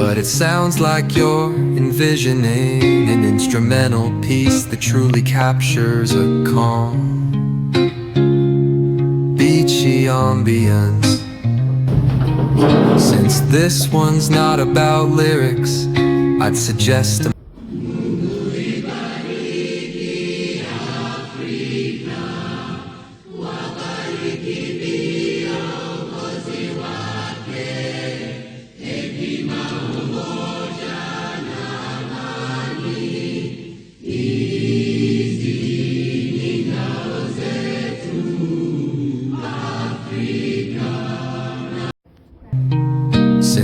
But it sounds like you're envisioning an instrumental piece that truly captures a calm, beachy ambience. Since this one's not about lyrics, I'd suggest a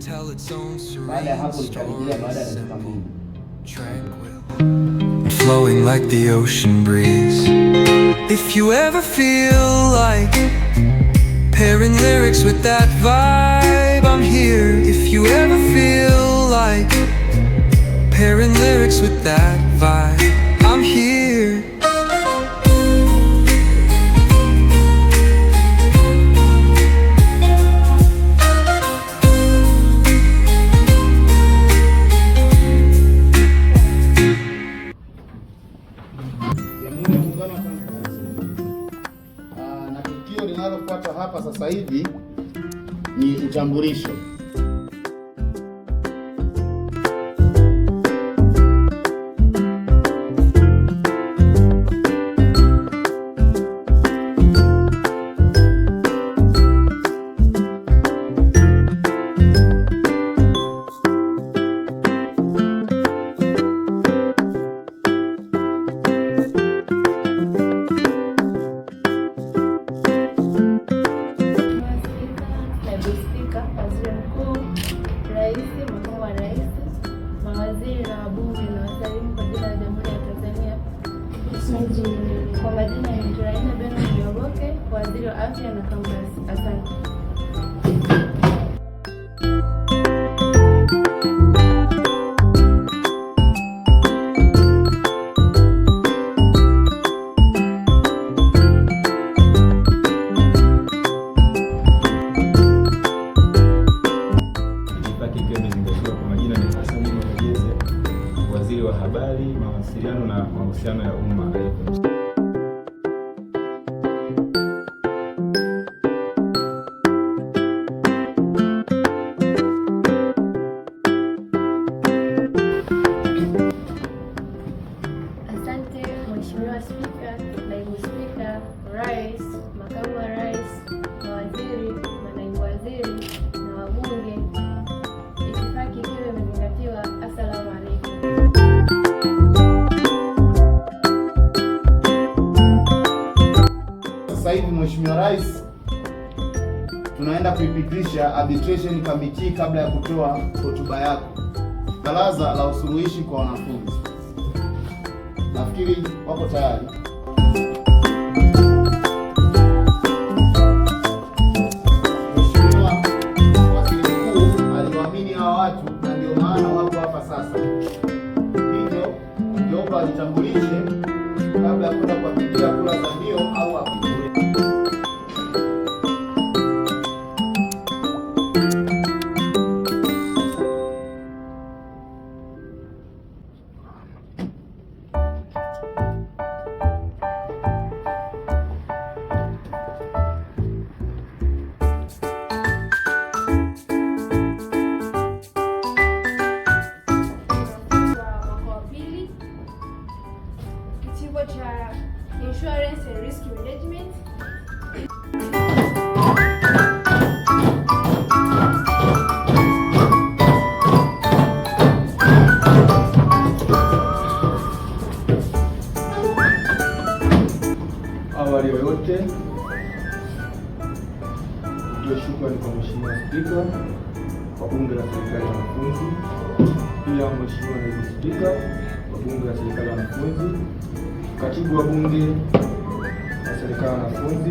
tell its own tranquil, flowing like the ocean breeze. If you ever feel like pairing lyrics with that vibe, I'm here. If you ever feel like pairing lyrics with that vibe, I'm here. sasa hivi ni utambulisho. Kwa majina ya Angela Beno Nyoboke, waziri wa afya na kaunti. Asante. consigliare una eh, unaenda kuipitisha arbitration committee kabla ya kutoa hotuba yako. Baraza la usuluhishi kwa wanafunzi, nafikiri wako tayari. Mkuu aliwaamini watu na ndio maana wako hapa sasa, hivyo alitambulishe kabla ya kwenda kuwapigia kura za ndio au serikali ya wanafunzi, pia Mheshimiwa Naibu Spika wa Bunge la Serikali ya Wanafunzi, katibu wa Bunge la Serikali ya Wanafunzi,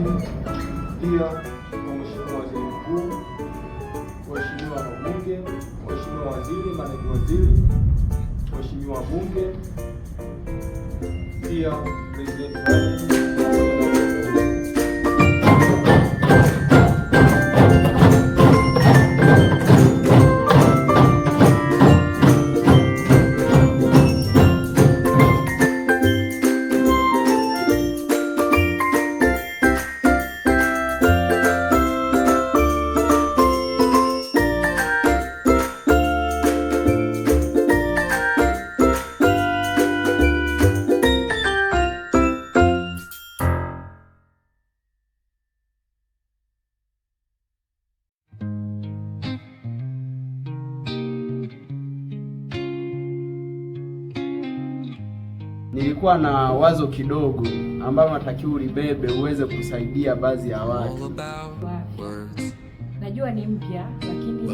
pia kwa Mheshimiwa Waziri Mkuu, waheshimiwa wabunge, waheshimiwa waziri, manaibu waziri, waheshimiwa wabunge, pia presidenti nilikuwa na wazo kidogo ambalo natakiwa ulibebe uweze kusaidia baadhi ya watu. Najua ni mpya lakini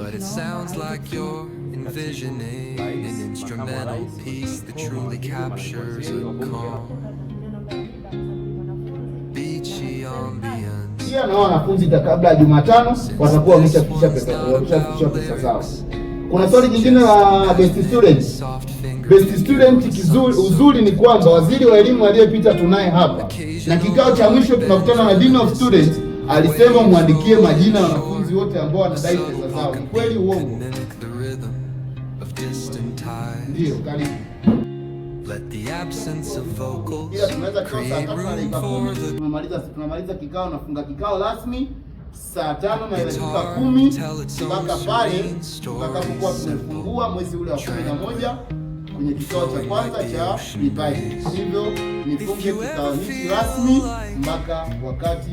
pia na wanafunzi kabla ya Jumatano watakuwa wameshafikisha pesa zao. Kuna swali jingine la best student. Best student kizuri, uzuri ni kwamba waziri wa elimu aliyepita tunaye hapa, na kikao cha mwisho tunakutana na dean of student alisema mwandikie majina ya wanafunzi wote ambao wanadai pesa zao. Ni kweli uongo? Ndio, karibu tunamaliza kikao, nafunga kikao rasmi saa tano na dakika kumi mpaka pale tutakapokuwa tumefungua mwezi ule wa kumi na moja kwenye kikao cha kwanza cha Divai. Hivyo nifunge kikao hiki rasmi mpaka wakati